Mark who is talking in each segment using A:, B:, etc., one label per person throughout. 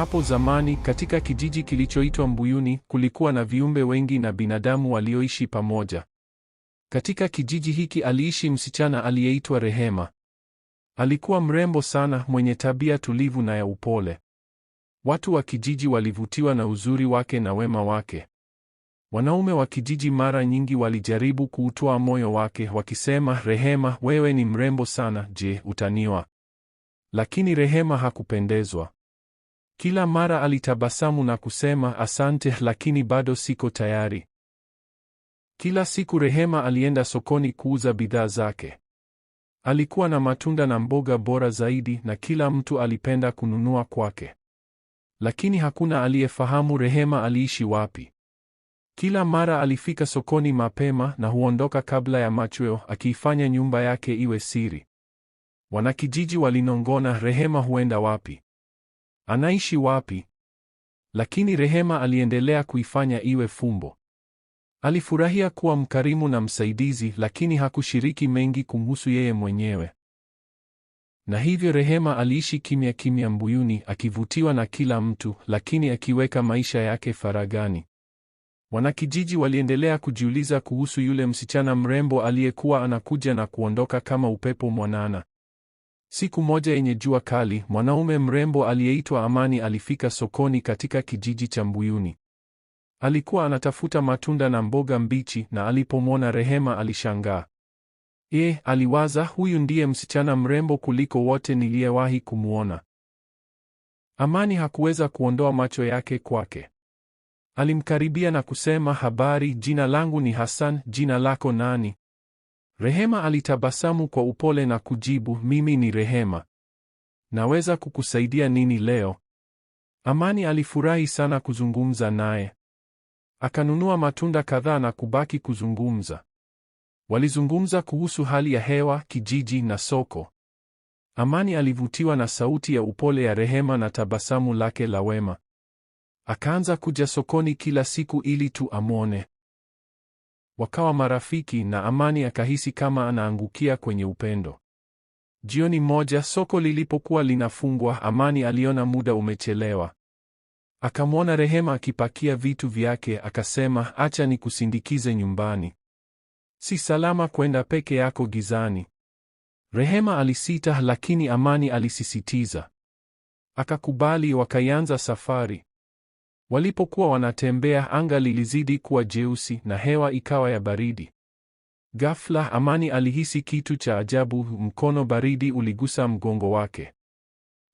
A: Hapo zamani, katika kijiji kilichoitwa Mbuyuni, kulikuwa na viumbe wengi na binadamu walioishi pamoja. Katika kijiji hiki aliishi msichana aliyeitwa Rehema. Alikuwa mrembo sana, mwenye tabia tulivu na ya upole. Watu wa kijiji walivutiwa na uzuri wake na wema wake. Wanaume wa kijiji mara nyingi walijaribu kuutoa moyo wake, wakisema, Rehema, wewe ni mrembo sana, je, utanioa? Lakini Rehema hakupendezwa. Kila mara alitabasamu na kusema asante, lakini bado siko tayari. Kila siku Rehema alienda sokoni kuuza bidhaa zake. Alikuwa na matunda na mboga bora zaidi na kila mtu alipenda kununua kwake. Lakini hakuna aliyefahamu Rehema aliishi wapi. Kila mara alifika sokoni mapema na huondoka kabla ya machweo akiifanya nyumba yake iwe siri. Wanakijiji walinongona, Rehema huenda wapi? Anaishi wapi? Lakini Rehema aliendelea kuifanya iwe fumbo. Alifurahia kuwa mkarimu na msaidizi, lakini hakushiriki mengi kumhusu yeye mwenyewe. Na hivyo Rehema aliishi kimya kimya Mbuyuni, akivutiwa na kila mtu, lakini akiweka maisha yake faragani. Wanakijiji waliendelea kujiuliza kuhusu yule msichana mrembo aliyekuwa anakuja na kuondoka kama upepo mwanana. Siku moja yenye jua kali, mwanaume mrembo aliyeitwa Amani alifika sokoni katika kijiji cha Mbuyuni. Alikuwa anatafuta matunda na mboga mbichi na alipomwona Rehema alishangaa. Ye, ee, aliwaza huyu ndiye msichana mrembo kuliko wote niliyewahi kumwona. Amani hakuweza kuondoa macho yake kwake. Alimkaribia na kusema, habari, jina langu ni Hassan, jina lako nani? Rehema alitabasamu kwa upole na kujibu, mimi ni Rehema, naweza kukusaidia nini leo? Amani alifurahi sana kuzungumza naye, akanunua matunda kadhaa na kubaki kuzungumza. Walizungumza kuhusu hali ya hewa, kijiji na soko. Amani alivutiwa na sauti ya upole ya Rehema na tabasamu lake la wema. Akaanza kuja sokoni kila siku ili tu amwone. Wakawa marafiki na Amani akahisi kama anaangukia kwenye upendo. Jioni moja soko lilipokuwa linafungwa, Amani aliona muda umechelewa. Akamwona Rehema akipakia vitu vyake, akasema, acha nikusindikize nyumbani, si salama kwenda peke yako gizani. Rehema alisita, lakini Amani alisisitiza, akakubali. Wakaanza safari. Walipokuwa wanatembea, anga lilizidi kuwa jeusi na hewa ikawa ya baridi. Ghafla Amani alihisi kitu cha ajabu, mkono baridi uligusa mgongo wake.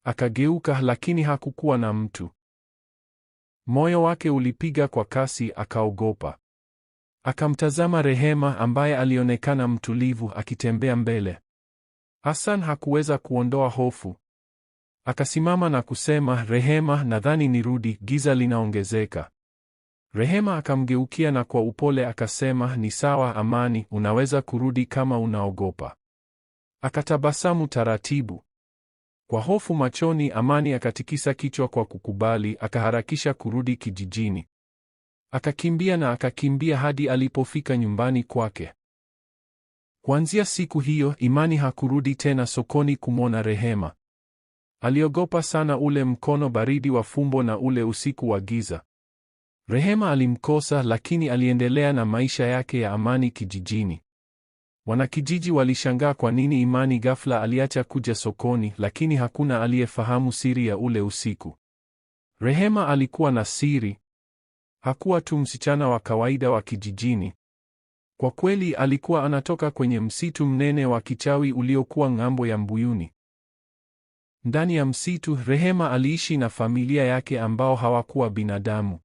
A: Akageuka, lakini hakukuwa na mtu. Moyo wake ulipiga kwa kasi, akaogopa. Akamtazama Rehema ambaye alionekana mtulivu akitembea mbele. Hassan hakuweza kuondoa hofu. Akasimama na kusema, Rehema, nadhani nirudi, giza linaongezeka. Rehema akamgeukia na kwa upole akasema, ni sawa, Amani, unaweza kurudi kama unaogopa. Akatabasamu taratibu. Kwa hofu machoni, Amani akatikisa kichwa kwa kukubali, akaharakisha kurudi kijijini. Akakimbia na akakimbia hadi alipofika nyumbani kwake. Kuanzia siku hiyo, Imani hakurudi tena sokoni kumwona Rehema. Aliogopa sana ule mkono baridi wa fumbo na ule usiku wa giza. Rehema alimkosa, lakini aliendelea na maisha yake ya amani kijijini. Wanakijiji walishangaa kwa nini Imani ghafla aliacha kuja sokoni, lakini hakuna aliyefahamu siri ya ule usiku. Rehema alikuwa na siri. Hakuwa tu msichana wa kawaida wa kijijini. Kwa kweli, alikuwa anatoka kwenye msitu mnene wa kichawi uliokuwa ng'ambo ya Mbuyuni. Ndani ya msitu, Rehema aliishi na familia yake ambao hawakuwa binadamu.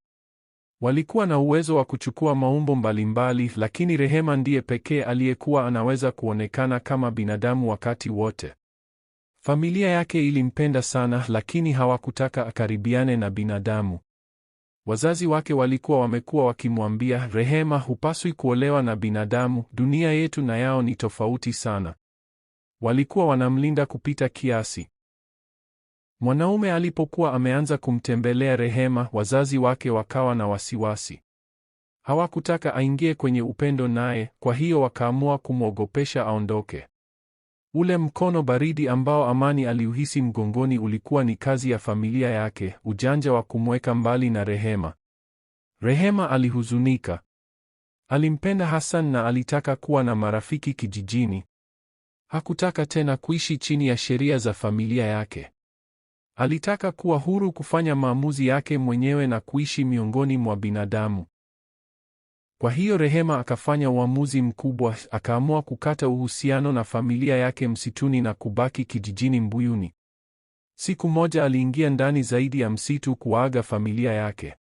A: Walikuwa na uwezo wa kuchukua maumbo mbalimbali, lakini Rehema ndiye pekee aliyekuwa anaweza kuonekana kama binadamu wakati wote. Familia yake ilimpenda sana, lakini hawakutaka akaribiane na binadamu. Wazazi wake walikuwa wamekuwa wakimwambia, Rehema, hupaswi kuolewa na binadamu, dunia yetu na yao ni tofauti sana. Walikuwa wanamlinda kupita kiasi. Mwanaume alipokuwa ameanza kumtembelea Rehema, wazazi wake wakawa na wasiwasi. Hawakutaka aingie kwenye upendo naye, kwa hiyo wakaamua kumwogopesha aondoke. Ule mkono baridi ambao Amani aliuhisi mgongoni ulikuwa ni kazi ya familia yake, ujanja wa kumweka mbali na Rehema. Rehema alihuzunika. Alimpenda Hassan na alitaka kuwa na marafiki kijijini. Hakutaka tena kuishi chini ya sheria za familia yake. Alitaka kuwa huru kufanya maamuzi yake mwenyewe na kuishi miongoni mwa binadamu. Kwa hiyo Rehema akafanya uamuzi mkubwa, akaamua kukata uhusiano na familia yake msituni na kubaki kijijini Mbuyuni. Siku moja aliingia ndani zaidi ya msitu kuwaaga familia yake.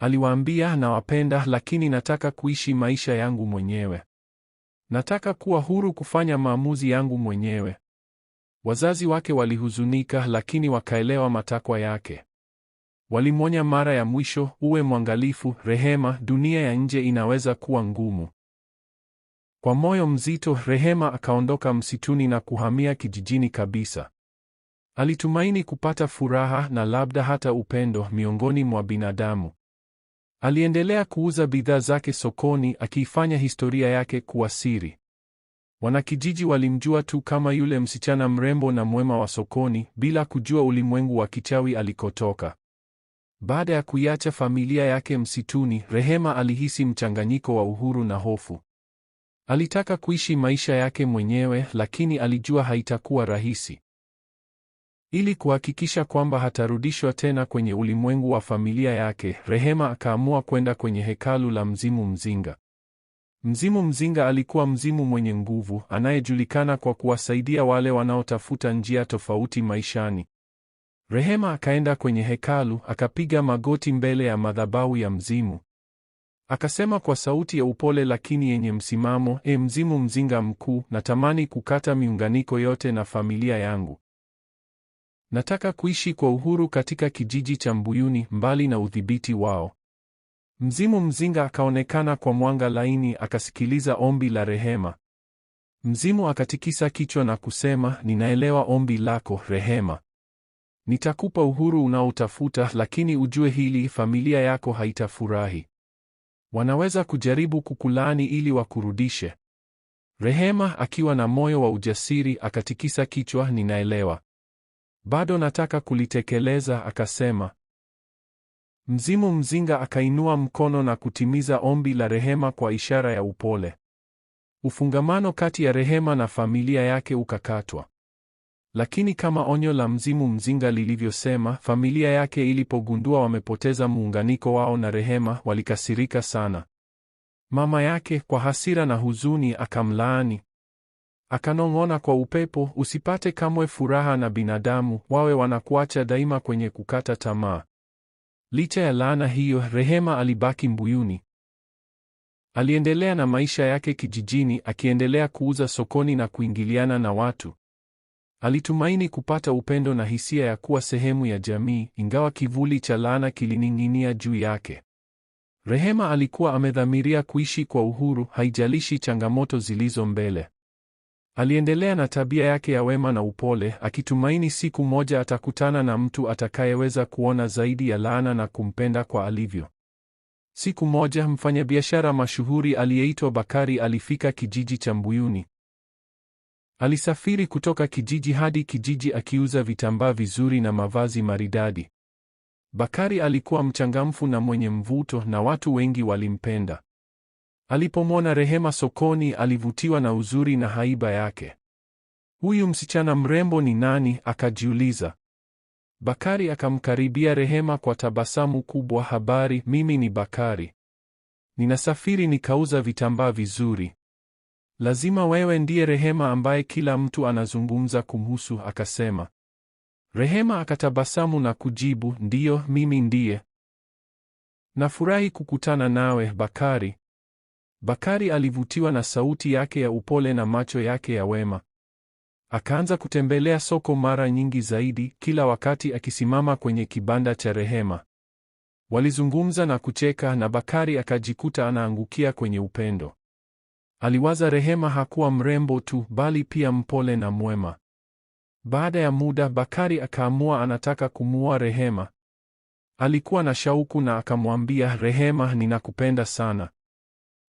A: Aliwaambia, nawapenda, lakini nataka kuishi maisha yangu mwenyewe. Nataka kuwa huru kufanya maamuzi yangu mwenyewe. Wazazi wake walihuzunika, lakini wakaelewa matakwa yake. Walimwonya mara ya mwisho, uwe mwangalifu, Rehema, dunia ya nje inaweza kuwa ngumu. Kwa moyo mzito, Rehema akaondoka msituni na kuhamia kijijini kabisa. Alitumaini kupata furaha na labda hata upendo miongoni mwa binadamu. Aliendelea kuuza bidhaa zake sokoni, akiifanya historia yake kuwa siri. Wanakijiji walimjua tu kama yule msichana mrembo na mwema wa sokoni, bila kujua ulimwengu wa kichawi alikotoka. Baada ya kuiacha familia yake msituni, Rehema alihisi mchanganyiko wa uhuru na hofu. Alitaka kuishi maisha yake mwenyewe, lakini alijua haitakuwa rahisi. Ili kuhakikisha kwamba hatarudishwa tena kwenye ulimwengu wa familia yake, Rehema akaamua kwenda kwenye hekalu la mzimu mzinga. Mzimu Mzinga alikuwa mzimu mwenye nguvu anayejulikana kwa kuwasaidia wale wanaotafuta njia tofauti maishani. Rehema akaenda kwenye hekalu, akapiga magoti mbele ya madhabahu ya mzimu. Akasema kwa sauti ya upole lakini yenye msimamo, E mzimu mzinga mkuu, natamani kukata miunganiko yote na familia yangu. Nataka kuishi kwa uhuru katika kijiji cha Mbuyuni mbali na udhibiti wao. Mzimu mzinga akaonekana kwa mwanga laini, akasikiliza ombi la rehema. Mzimu akatikisa kichwa na kusema, ninaelewa ombi lako rehema, nitakupa uhuru unaotafuta, lakini ujue hili, familia yako haitafurahi. Wanaweza kujaribu kukulaani ili wakurudishe. Rehema akiwa na moyo wa ujasiri akatikisa kichwa, ninaelewa, bado nataka kulitekeleza, akasema Mzimu mzinga akainua mkono na kutimiza ombi la rehema kwa ishara ya upole. Ufungamano kati ya rehema na familia yake ukakatwa. Lakini kama onyo la mzimu mzinga lilivyosema, familia yake ilipogundua wamepoteza muunganiko wao na rehema, walikasirika sana. Mama yake kwa hasira na huzuni akamlaani. Akanong'ona kwa upepo, usipate kamwe furaha na binadamu, wawe wanakuacha daima kwenye kukata tamaa. Licha ya laana hiyo, Rehema alibaki Mbuyuni. Aliendelea na maisha yake kijijini, akiendelea kuuza sokoni na kuingiliana na watu. Alitumaini kupata upendo na hisia ya kuwa sehemu ya jamii, ingawa kivuli cha laana kilining'inia juu yake. Rehema alikuwa amedhamiria kuishi kwa uhuru, haijalishi changamoto zilizo mbele. Aliendelea na tabia yake ya wema na upole, akitumaini siku moja atakutana na mtu atakayeweza kuona zaidi ya laana na kumpenda kwa alivyo. Siku moja mfanyabiashara mashuhuri aliyeitwa Bakari alifika kijiji cha Mbuyuni. Alisafiri kutoka kijiji hadi kijiji akiuza vitambaa vizuri na mavazi maridadi. Bakari alikuwa mchangamfu na mwenye mvuto na watu wengi walimpenda. Alipomwona Rehema sokoni, alivutiwa na uzuri na haiba yake. Huyu msichana mrembo ni nani? akajiuliza. Bakari akamkaribia Rehema kwa tabasamu kubwa. Habari, mimi ni Bakari, ninasafiri nikauza vitambaa vizuri. Lazima wewe ndiye Rehema ambaye kila mtu anazungumza kumhusu, akasema. Rehema akatabasamu na kujibu, ndiyo, mimi ndiye. Nafurahi kukutana nawe Bakari. Bakari alivutiwa na sauti yake ya upole na macho yake ya wema. Akaanza kutembelea soko mara nyingi zaidi, kila wakati akisimama kwenye kibanda cha Rehema. Walizungumza na kucheka na Bakari akajikuta anaangukia kwenye upendo. Aliwaza Rehema hakuwa mrembo tu, bali pia mpole na mwema. Baada ya muda, Bakari akaamua anataka kumuoa Rehema. Alikuwa na shauku na akamwambia Rehema, ninakupenda sana.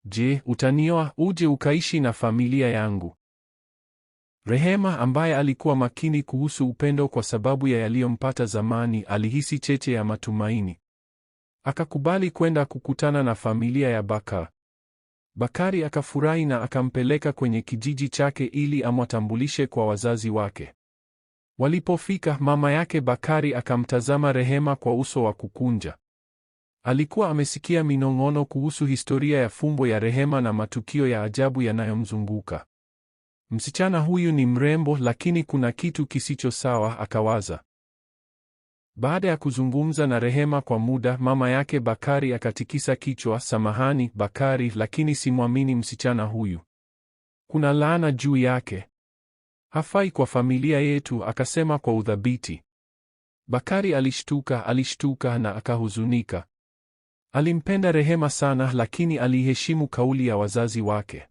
A: Je, utanioa uje ukaishi na familia yangu? Rehema ambaye alikuwa makini kuhusu upendo kwa sababu ya yaliyompata zamani, alihisi cheche ya matumaini. Akakubali kwenda kukutana na familia ya Bakar. Bakari akafurahi na akampeleka kwenye kijiji chake ili amwatambulishe kwa wazazi wake. Walipofika, mama yake Bakari akamtazama Rehema kwa uso wa kukunja. Alikuwa amesikia minong'ono kuhusu historia ya fumbo ya rehema na matukio ya ajabu yanayomzunguka. Msichana huyu ni mrembo, lakini kuna kitu kisicho sawa, akawaza. Baada ya kuzungumza na Rehema kwa muda, mama yake Bakari akatikisa kichwa. Samahani Bakari, lakini simwamini msichana huyu. Kuna laana juu yake, hafai kwa familia yetu, akasema kwa udhabiti. Bakari alishtuka, alishtuka na akahuzunika. Alimpenda Rehema sana lakini aliheshimu kauli ya wazazi wake.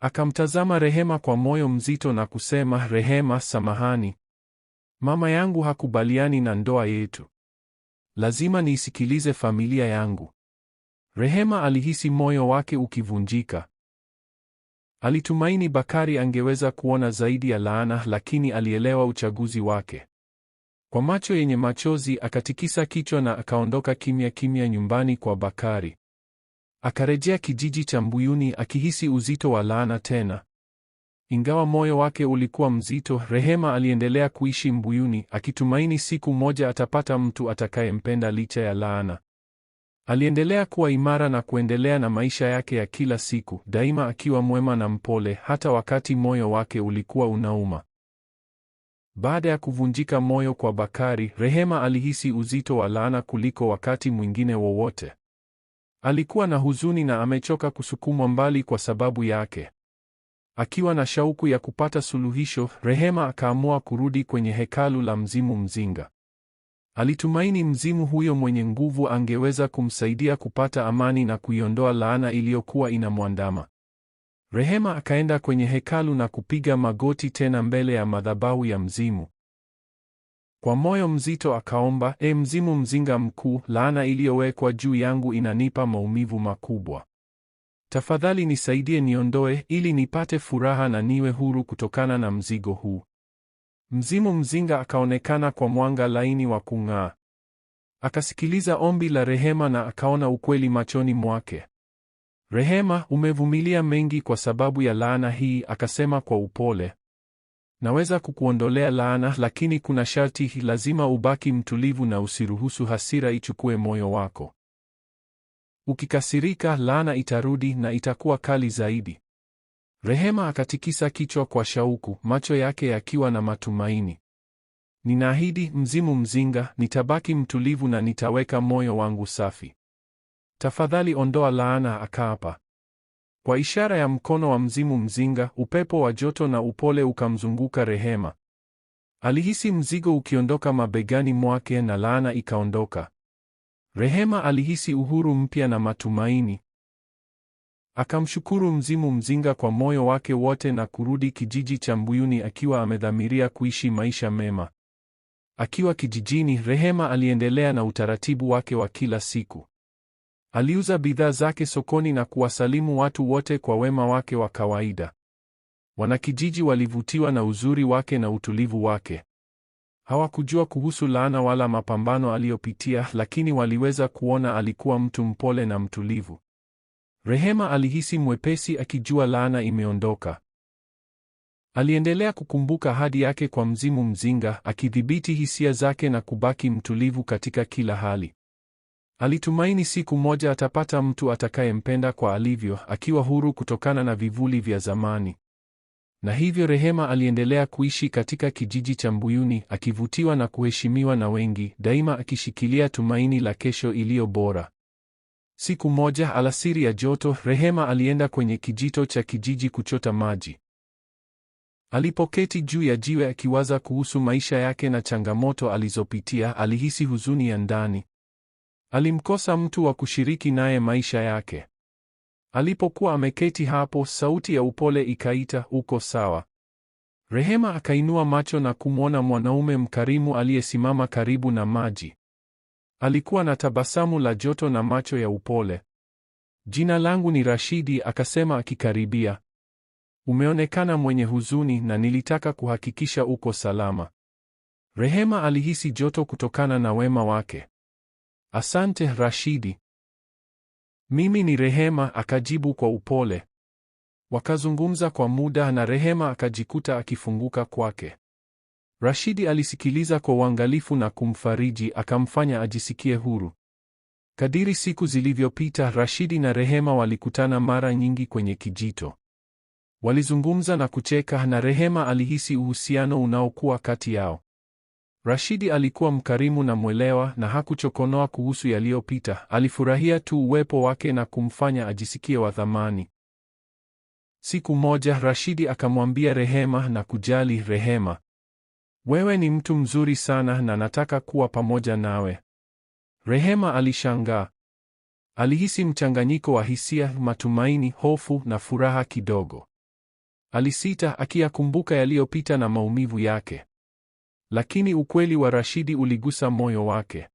A: Akamtazama Rehema kwa moyo mzito na kusema, Rehema, samahani. Mama yangu hakubaliani na ndoa yetu. Lazima niisikilize familia yangu. Rehema alihisi moyo wake ukivunjika. Alitumaini Bakari angeweza kuona zaidi ya laana, lakini alielewa uchaguzi wake. Kwa macho yenye machozi akatikisa kichwa na akaondoka kimya kimya nyumbani kwa Bakari. Akarejea kijiji cha Mbuyuni akihisi uzito wa laana tena. Ingawa moyo wake ulikuwa mzito, Rehema aliendelea kuishi Mbuyuni akitumaini siku moja atapata mtu atakayempenda licha ya laana. Aliendelea kuwa imara na kuendelea na maisha yake ya kila siku, daima akiwa mwema na mpole hata wakati moyo wake ulikuwa unauma. Baada ya kuvunjika moyo kwa Bakari, Rehema alihisi uzito wa laana kuliko wakati mwingine wowote. Alikuwa na huzuni na amechoka kusukumwa mbali kwa sababu yake. Akiwa na shauku ya kupata suluhisho, Rehema akaamua kurudi kwenye hekalu la mzimu mzinga. Alitumaini mzimu huyo mwenye nguvu angeweza kumsaidia kupata amani na kuiondoa laana iliyokuwa inamwandama. Rehema akaenda kwenye hekalu na kupiga magoti tena mbele ya madhabahu ya mzimu. Kwa moyo mzito akaomba, E mzimu mzinga mkuu, laana iliyowekwa juu yangu inanipa maumivu makubwa. Tafadhali nisaidie niondoe, ili nipate furaha na niwe huru kutokana na mzigo huu. Mzimu mzinga akaonekana kwa mwanga laini wa kung'aa. Akasikiliza ombi la Rehema na akaona ukweli machoni mwake. Rehema, umevumilia mengi kwa sababu ya laana hii, akasema kwa upole. Naweza kukuondolea laana, lakini kuna sharti: lazima ubaki mtulivu na usiruhusu hasira ichukue moyo wako. Ukikasirika, laana itarudi na itakuwa kali zaidi. Rehema akatikisa kichwa kwa shauku, macho yake yakiwa na matumaini. Ninaahidi, mzimu mzinga, nitabaki mtulivu na nitaweka moyo wangu safi. Tafadhali ondoa laana, akaapa. Kwa ishara ya mkono wa mzimu mzinga, upepo wa joto na upole ukamzunguka Rehema. Alihisi mzigo ukiondoka mabegani mwake na laana ikaondoka. Rehema alihisi uhuru mpya na matumaini. Akamshukuru mzimu mzinga kwa moyo wake wote na kurudi kijiji cha Mbuyuni akiwa amedhamiria kuishi maisha mema. Akiwa kijijini, Rehema aliendelea na utaratibu wake wa kila siku. Aliuza bidhaa zake sokoni na kuwasalimu watu wote kwa wema wake wa kawaida. Wanakijiji walivutiwa na uzuri wake na utulivu wake. Hawakujua kuhusu laana wala mapambano aliyopitia, lakini waliweza kuona alikuwa mtu mpole na mtulivu. Rehema alihisi mwepesi akijua laana imeondoka. Aliendelea kukumbuka hadi yake kwa mzimu mzinga, akidhibiti hisia zake na kubaki mtulivu katika kila hali. Alitumaini siku moja atapata mtu atakayempenda kwa alivyo, akiwa huru kutokana na vivuli vya zamani. Na hivyo Rehema aliendelea kuishi katika kijiji cha Mbuyuni, akivutiwa na kuheshimiwa na wengi, daima akishikilia tumaini la kesho iliyo bora. Siku moja alasiri ya joto, Rehema alienda kwenye kijito cha kijiji kuchota maji. Alipoketi juu ya jiwe akiwaza kuhusu maisha yake na changamoto alizopitia, alihisi huzuni ya ndani. Alimkosa mtu wa kushiriki naye maisha yake. Alipokuwa ameketi hapo, sauti ya upole ikaita, uko sawa? Rehema akainua macho na kumwona mwanaume mkarimu aliyesimama karibu na maji. Alikuwa na tabasamu la joto na macho ya upole. Jina langu ni Rashidi, akasema akikaribia. Umeonekana mwenye huzuni na nilitaka kuhakikisha uko salama. Rehema alihisi joto kutokana na wema wake. Asante Rashidi. Mimi ni Rehema, akajibu kwa upole. Wakazungumza kwa muda na Rehema akajikuta akifunguka kwake. Rashidi alisikiliza kwa uangalifu na kumfariji, akamfanya ajisikie huru. Kadiri siku zilivyopita, Rashidi na Rehema walikutana mara nyingi kwenye kijito. Walizungumza na kucheka na Rehema alihisi uhusiano unaokuwa kati yao. Rashidi alikuwa mkarimu na mwelewa na hakuchokonoa kuhusu yaliyopita. Alifurahia tu uwepo wake na kumfanya ajisikie wa thamani. Siku moja Rashidi akamwambia Rehema na kujali, Rehema, wewe ni mtu mzuri sana na nataka kuwa pamoja nawe. Rehema alishangaa. Alihisi mchanganyiko wa hisia, matumaini, hofu na furaha kidogo. Alisita akiyakumbuka yaliyopita na maumivu yake. Lakini ukweli wa Rashidi uligusa moyo wake.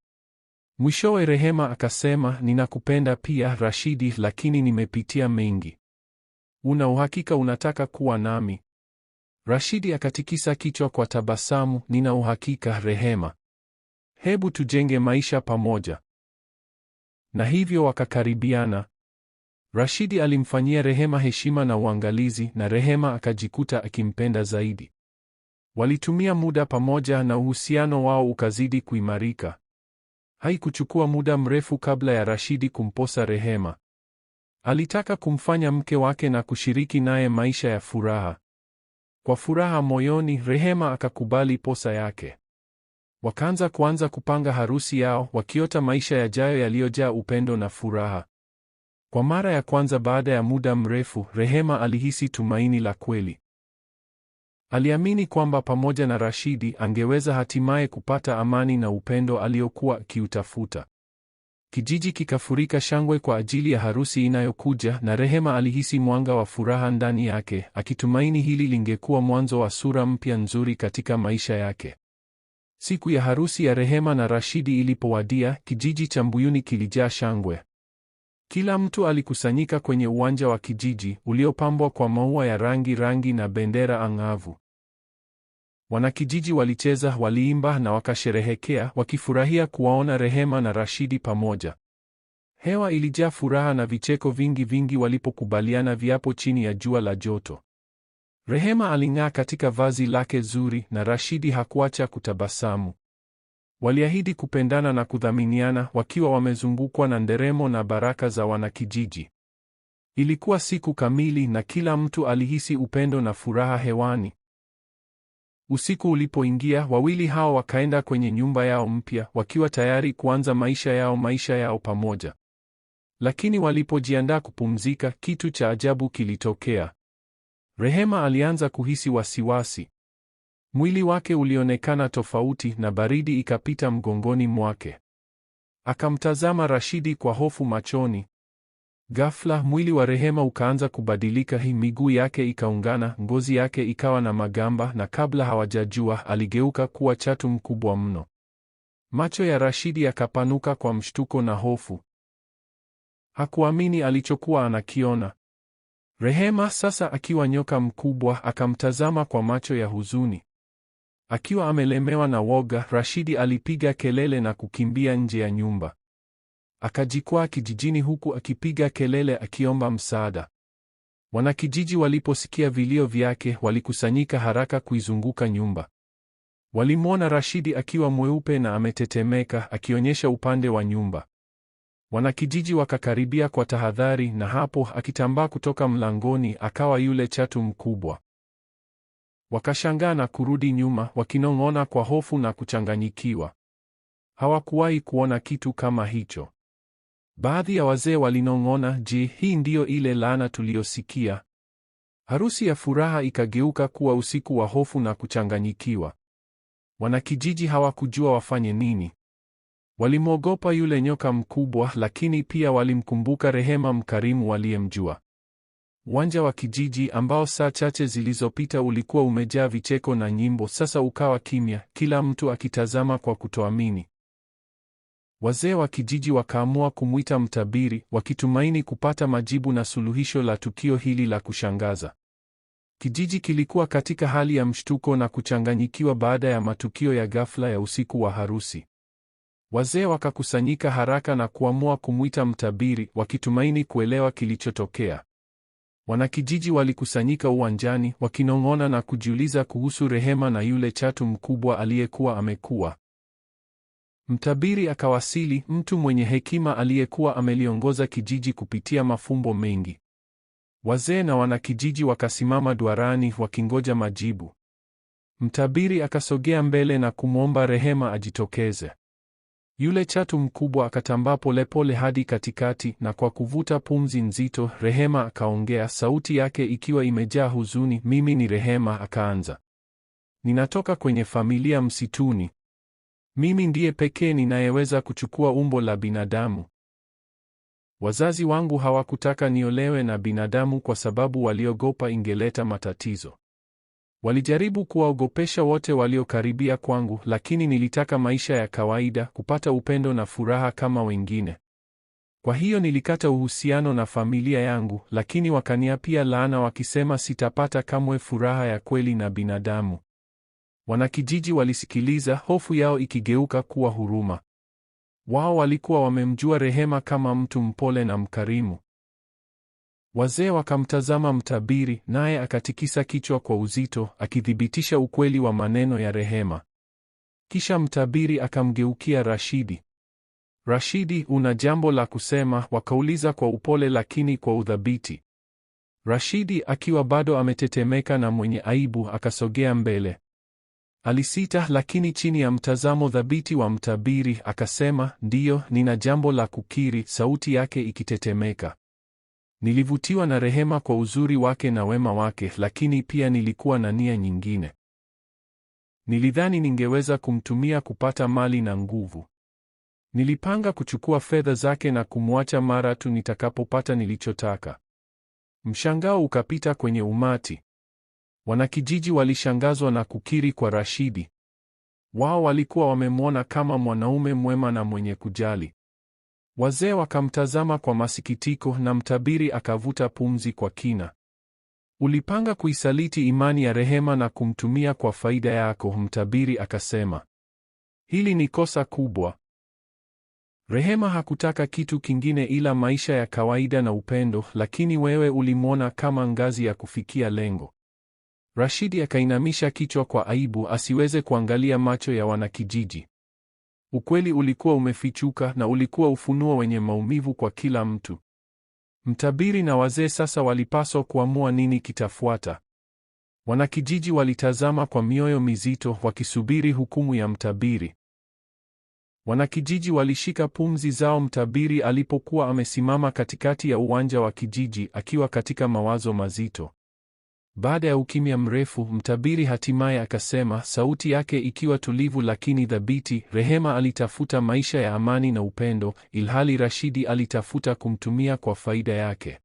A: Mwishowe Rehema akasema, ninakupenda pia Rashidi, lakini nimepitia mengi. Una uhakika unataka kuwa nami? Rashidi akatikisa kichwa kwa tabasamu, nina uhakika Rehema, hebu tujenge maisha pamoja. Na hivyo wakakaribiana. Rashidi alimfanyia Rehema heshima na uangalizi, na Rehema akajikuta akimpenda zaidi. Walitumia muda pamoja na uhusiano wao ukazidi kuimarika. Haikuchukua muda mrefu kabla ya Rashidi kumposa Rehema. Alitaka kumfanya mke wake na kushiriki naye maisha ya furaha. Kwa furaha moyoni, Rehema akakubali posa yake. Wakaanza kuanza kupanga harusi yao, wakiota maisha yajayo yaliyojaa upendo na furaha. Kwa mara ya kwanza baada ya muda mrefu, Rehema alihisi tumaini la kweli. Aliamini kwamba pamoja na Rashidi angeweza hatimaye kupata amani na upendo aliokuwa akiutafuta. Kijiji kikafurika shangwe kwa ajili ya harusi inayokuja na Rehema alihisi mwanga wa furaha ndani yake, akitumaini hili lingekuwa mwanzo wa sura mpya nzuri katika maisha yake. Siku ya harusi ya Rehema na Rashidi ilipowadia, kijiji cha Mbuyuni kilijaa shangwe. Kila mtu alikusanyika kwenye uwanja wa kijiji uliopambwa kwa maua ya rangi rangi na bendera ang'avu. Wanakijiji walicheza, waliimba na wakasherehekea, wakifurahia kuwaona Rehema na Rashidi pamoja. Hewa ilijaa furaha na vicheko vingi vingi walipokubaliana viapo chini ya jua la joto. Rehema aling'aa katika vazi lake zuri na Rashidi hakuacha kutabasamu. Waliahidi kupendana na kudhaminiana wakiwa wamezungukwa na nderemo na baraka za wanakijiji. Ilikuwa siku kamili na kila mtu alihisi upendo na furaha hewani. Usiku ulipoingia, wawili hao wakaenda kwenye nyumba yao mpya wakiwa tayari kuanza maisha yao maisha yao pamoja. Lakini walipojiandaa kupumzika, kitu cha ajabu kilitokea. Rehema alianza kuhisi wasiwasi. Mwili wake ulionekana tofauti na baridi ikapita mgongoni mwake. Akamtazama Rashidi kwa hofu machoni. Ghafla mwili wa Rehema ukaanza kubadilika, hii miguu yake ikaungana, ngozi yake ikawa na magamba, na kabla hawajajua aligeuka kuwa chatu mkubwa mno. Macho ya Rashidi yakapanuka kwa mshtuko na hofu. Hakuamini alichokuwa anakiona. Rehema sasa akiwa nyoka mkubwa akamtazama kwa macho ya huzuni. Akiwa amelemewa na woga, Rashidi alipiga kelele na kukimbia nje ya nyumba. Akajikwaa kijijini huku akipiga kelele akiomba msaada. Wanakijiji waliposikia vilio vyake, walikusanyika haraka kuizunguka nyumba. Walimwona Rashidi akiwa mweupe na ametetemeka akionyesha upande wa nyumba. Wanakijiji wakakaribia kwa tahadhari, na hapo akitambaa kutoka mlangoni akawa yule chatu mkubwa. Wakashangaa na kurudi nyuma, wakinong'ona kwa hofu na kuchanganyikiwa. Hawakuwahi kuona kitu kama hicho. Baadhi ya wazee walinong'ona, je, hii ndiyo ile laana tuliyosikia? Harusi ya furaha ikageuka kuwa usiku wa hofu na kuchanganyikiwa. Wanakijiji hawakujua wafanye nini. Walimwogopa yule nyoka mkubwa, lakini pia walimkumbuka Rehema mkarimu waliyemjua. Uwanja wa kijiji ambao saa chache zilizopita ulikuwa umejaa vicheko na nyimbo, sasa ukawa kimya, kila mtu akitazama kwa kutoamini. Wazee wa kijiji wakaamua kumwita mtabiri, wakitumaini kupata majibu na suluhisho la tukio hili la kushangaza. Kijiji kilikuwa katika hali ya mshtuko na kuchanganyikiwa baada ya matukio ya ghafla ya usiku wa harusi. Wazee wakakusanyika haraka na kuamua kumwita mtabiri, wakitumaini kuelewa kilichotokea. Wanakijiji walikusanyika uwanjani wakinong'ona na kujiuliza kuhusu Rehema na yule chatu mkubwa aliyekuwa amekuwa. Mtabiri akawasili, mtu mwenye hekima aliyekuwa ameliongoza kijiji kupitia mafumbo mengi. Wazee na wanakijiji wakasimama duarani wakingoja majibu. Mtabiri akasogea mbele na kumwomba Rehema ajitokeze. Yule chatu mkubwa akatambaa polepole hadi katikati, na kwa kuvuta pumzi nzito, Rehema akaongea, sauti yake ikiwa imejaa huzuni. Mimi ni Rehema, akaanza, ninatoka kwenye familia msituni. Mimi ndiye pekee ninayeweza kuchukua umbo la binadamu. Wazazi wangu hawakutaka niolewe na binadamu kwa sababu waliogopa ingeleta matatizo. Walijaribu kuwaogopesha wote waliokaribia kwangu, lakini nilitaka maisha ya kawaida, kupata upendo na furaha kama wengine. Kwa hiyo nilikata uhusiano na familia yangu, lakini wakaniapia laana wakisema sitapata kamwe furaha ya kweli na binadamu. Wanakijiji walisikiliza, hofu yao ikigeuka kuwa huruma. Wao walikuwa wamemjua Rehema kama mtu mpole na mkarimu. Wazee wakamtazama mtabiri, naye akatikisa kichwa kwa uzito, akithibitisha ukweli wa maneno ya Rehema. Kisha mtabiri akamgeukia Rashidi. Rashidi, una jambo la kusema? Wakauliza kwa upole lakini kwa uthabiti. Rashidi akiwa bado ametetemeka na mwenye aibu akasogea mbele. Alisita, lakini chini ya mtazamo thabiti wa mtabiri akasema, ndiyo, nina jambo la kukiri, sauti yake ikitetemeka. Nilivutiwa na Rehema kwa uzuri wake na wema wake, lakini pia nilikuwa na nia nyingine. Nilidhani ningeweza kumtumia kupata mali na nguvu. Nilipanga kuchukua fedha zake na kumwacha mara tu nitakapopata nilichotaka. Mshangao ukapita kwenye umati. Wanakijiji walishangazwa na kukiri kwa Rashidi. Wao walikuwa wamemwona kama mwanaume mwema na mwenye kujali. Wazee wakamtazama kwa masikitiko na mtabiri akavuta pumzi kwa kina. Ulipanga kuisaliti imani ya rehema na kumtumia kwa faida yako, mtabiri akasema. Hili ni kosa kubwa. Rehema hakutaka kitu kingine ila maisha ya kawaida na upendo, lakini wewe ulimwona kama ngazi ya kufikia lengo. Rashidi akainamisha kichwa kwa aibu asiweze kuangalia macho ya wanakijiji. Ukweli ulikuwa umefichuka na ulikuwa ufunuo wenye maumivu kwa kila mtu. Mtabiri na wazee sasa walipaswa kuamua nini kitafuata. Wanakijiji walitazama kwa mioyo mizito wakisubiri hukumu ya mtabiri. Wanakijiji walishika pumzi zao mtabiri alipokuwa amesimama katikati ya uwanja wa kijiji akiwa katika mawazo mazito. Baada ya ukimya mrefu, mtabiri hatimaye akasema, sauti yake ikiwa tulivu lakini thabiti. Rehema alitafuta maisha ya amani na upendo, ilhali Rashidi alitafuta kumtumia kwa faida yake.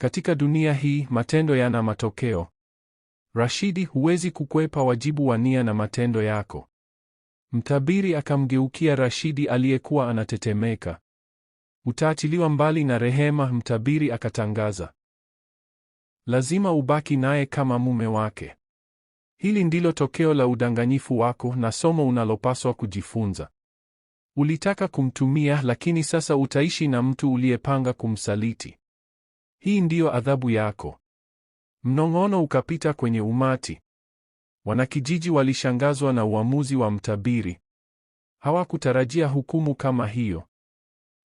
A: Katika dunia hii, matendo yana matokeo. Rashidi, huwezi kukwepa wajibu wa nia na matendo yako. Mtabiri akamgeukia Rashidi aliyekuwa anatetemeka. Utaachiliwa mbali na Rehema, mtabiri akatangaza. Lazima ubaki naye kama mume wake. Hili ndilo tokeo la udanganyifu wako na somo unalopaswa kujifunza. Ulitaka kumtumia, lakini sasa utaishi na mtu uliyepanga kumsaliti. Hii ndiyo adhabu yako. Mnong'ono ukapita kwenye umati. Wanakijiji walishangazwa na uamuzi wa mtabiri. Hawakutarajia hukumu kama hiyo.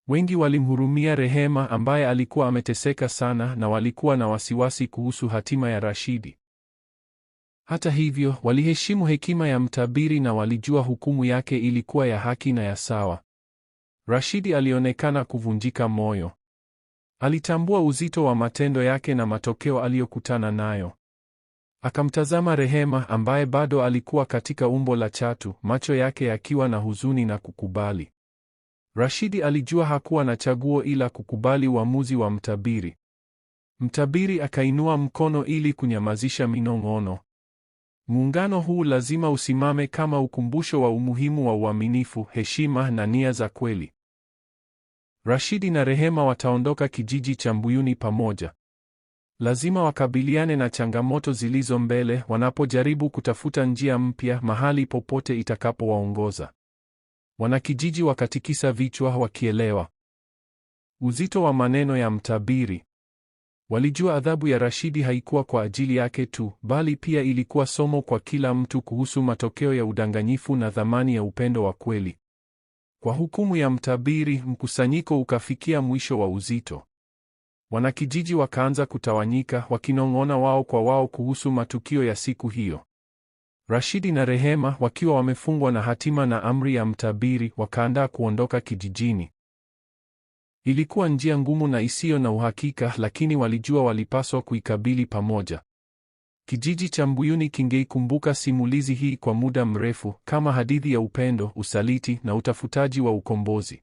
A: Wengi walimhurumia Rehema ambaye alikuwa ameteseka sana na walikuwa na wasiwasi kuhusu hatima ya Rashidi. Hata hivyo, waliheshimu hekima ya mtabiri na walijua hukumu yake ilikuwa ya haki na ya sawa. Rashidi alionekana kuvunjika moyo. Alitambua uzito wa matendo yake na matokeo aliyokutana nayo. Akamtazama Rehema ambaye bado alikuwa katika umbo la chatu, macho yake yakiwa na huzuni na kukubali. Rashidi alijua hakuwa na chaguo ila kukubali uamuzi wa mtabiri. Mtabiri akainua mkono ili kunyamazisha minong'ono. Muungano huu lazima usimame kama ukumbusho wa umuhimu wa uaminifu, heshima na nia za kweli. Rashidi na Rehema wataondoka kijiji cha Mbuyuni pamoja. Lazima wakabiliane na changamoto zilizo mbele wanapojaribu kutafuta njia mpya mahali popote itakapowaongoza. Wanakijiji wakatikisa vichwa wakielewa uzito wa maneno ya mtabiri. Walijua adhabu ya Rashidi haikuwa kwa ajili yake tu, bali pia ilikuwa somo kwa kila mtu kuhusu matokeo ya udanganyifu na thamani ya upendo wa kweli. Kwa hukumu ya mtabiri, mkusanyiko ukafikia mwisho wa uzito. Wanakijiji wakaanza kutawanyika, wakinong'ona wao kwa wao kuhusu matukio ya siku hiyo. Rashidi na Rehema wakiwa wamefungwa na hatima na amri ya mtabiri, wakaandaa kuondoka kijijini. Ilikuwa njia ngumu na isiyo na uhakika, lakini walijua walipaswa kuikabili pamoja. Kijiji cha Mbuyuni kingeikumbuka simulizi hii kwa muda mrefu, kama hadithi ya upendo, usaliti na utafutaji wa ukombozi.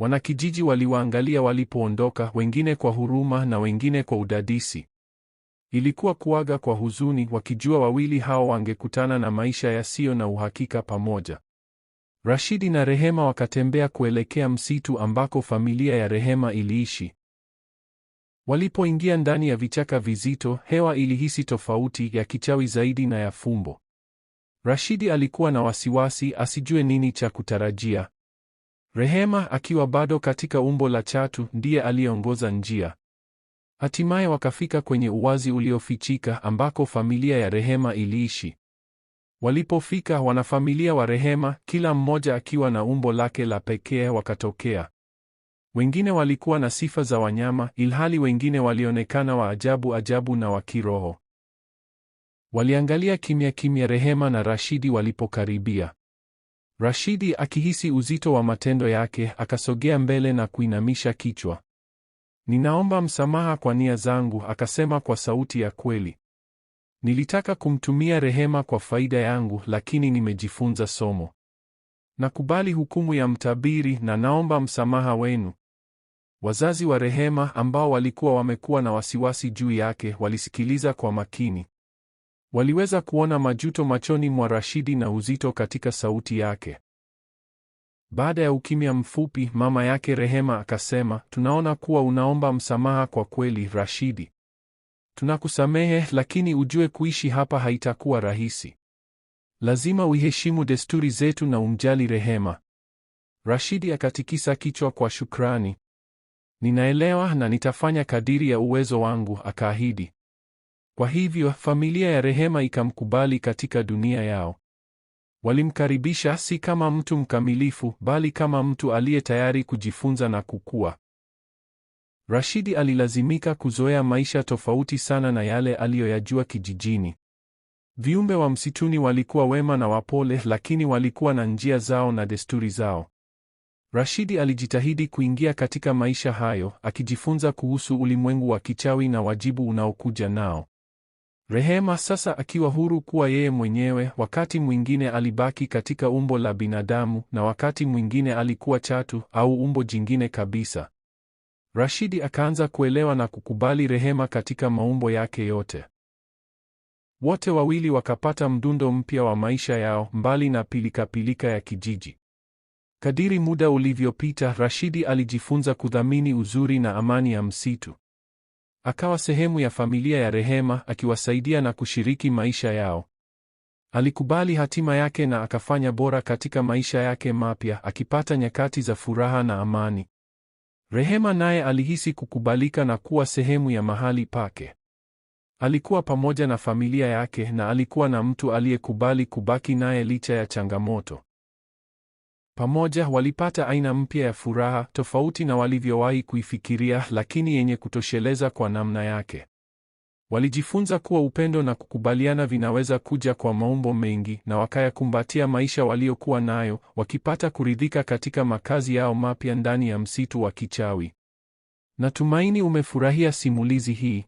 A: Wanakijiji waliwaangalia walipoondoka, wengine kwa huruma na wengine kwa udadisi. Ilikuwa kuaga kwa huzuni, wakijua wawili hao wangekutana na maisha yasiyo na uhakika pamoja. Rashidi na Rehema wakatembea kuelekea msitu ambako familia ya Rehema iliishi. Walipoingia ndani ya vichaka vizito, hewa ilihisi tofauti, ya kichawi zaidi na ya fumbo. Rashidi alikuwa na wasiwasi, asijue nini cha kutarajia. Rehema, akiwa bado katika umbo la chatu, ndiye aliongoza njia. Hatimaye wakafika kwenye uwazi uliofichika ambako familia ya Rehema iliishi. Walipofika, wanafamilia wa Rehema, kila mmoja akiwa na umbo lake la pekee, wakatokea. Wengine walikuwa na sifa za wanyama, ilhali wengine walionekana wa ajabu ajabu na wa kiroho. Waliangalia kimya kimya Rehema na Rashidi walipokaribia. Rashidi akihisi uzito wa matendo yake, akasogea mbele na kuinamisha kichwa. Ninaomba msamaha kwa nia zangu, akasema kwa sauti ya kweli. Nilitaka kumtumia rehema kwa faida yangu, lakini nimejifunza somo. Nakubali hukumu ya mtabiri na naomba msamaha wenu. Wazazi wa Rehema ambao walikuwa wamekuwa na wasiwasi juu yake walisikiliza kwa makini. Waliweza kuona majuto machoni mwa Rashidi na uzito katika sauti yake. Baada ya ukimya mfupi, mama yake Rehema akasema, tunaona kuwa unaomba msamaha kwa kweli, Rashidi. Tunakusamehe, lakini ujue kuishi hapa haitakuwa rahisi. Lazima uiheshimu desturi zetu na umjali Rehema. Rashidi akatikisa kichwa kwa shukrani. Ninaelewa na nitafanya kadiri ya uwezo wangu, akaahidi. Kwa hivyo familia ya Rehema ikamkubali katika dunia yao. Walimkaribisha si kama mtu mkamilifu, bali kama mtu aliye tayari kujifunza na kukua. Rashidi alilazimika kuzoea maisha tofauti sana na yale aliyoyajua kijijini. Viumbe wa msituni walikuwa wema na wapole, lakini walikuwa na njia zao na desturi zao. Rashidi alijitahidi kuingia katika maisha hayo, akijifunza kuhusu ulimwengu wa kichawi na wajibu unaokuja nao. Rehema sasa akiwa huru kuwa yeye mwenyewe, wakati mwingine alibaki katika umbo la binadamu na wakati mwingine alikuwa chatu au umbo jingine kabisa. Rashidi akaanza kuelewa na kukubali Rehema katika maumbo yake yote. Wote wawili wakapata mdundo mpya wa maisha yao mbali na pilikapilika ya kijiji. Kadiri muda ulivyopita, Rashidi alijifunza kudhamini uzuri na amani ya msitu. Akawa sehemu ya familia ya Rehema akiwasaidia na kushiriki maisha yao. Alikubali hatima yake na akafanya bora katika maisha yake mapya, akipata nyakati za furaha na amani. Rehema naye alihisi kukubalika na kuwa sehemu ya mahali pake. Alikuwa pamoja na familia yake na alikuwa na mtu aliyekubali kubaki naye licha ya changamoto. Pamoja walipata aina mpya ya furaha tofauti na walivyowahi kuifikiria, lakini yenye kutosheleza kwa namna yake. Walijifunza kuwa upendo na kukubaliana vinaweza kuja kwa maumbo mengi, na wakayakumbatia maisha waliokuwa nayo, wakipata kuridhika katika makazi yao mapya ndani ya msitu wa kichawi. Natumaini umefurahia simulizi hii.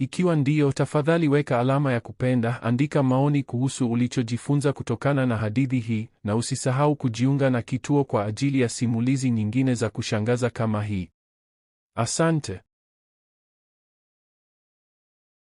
A: Ikiwa ndiyo, tafadhali weka alama ya kupenda, andika maoni kuhusu ulichojifunza kutokana na hadithi hii, na usisahau kujiunga na kituo kwa ajili ya simulizi nyingine za kushangaza kama hii. Asante.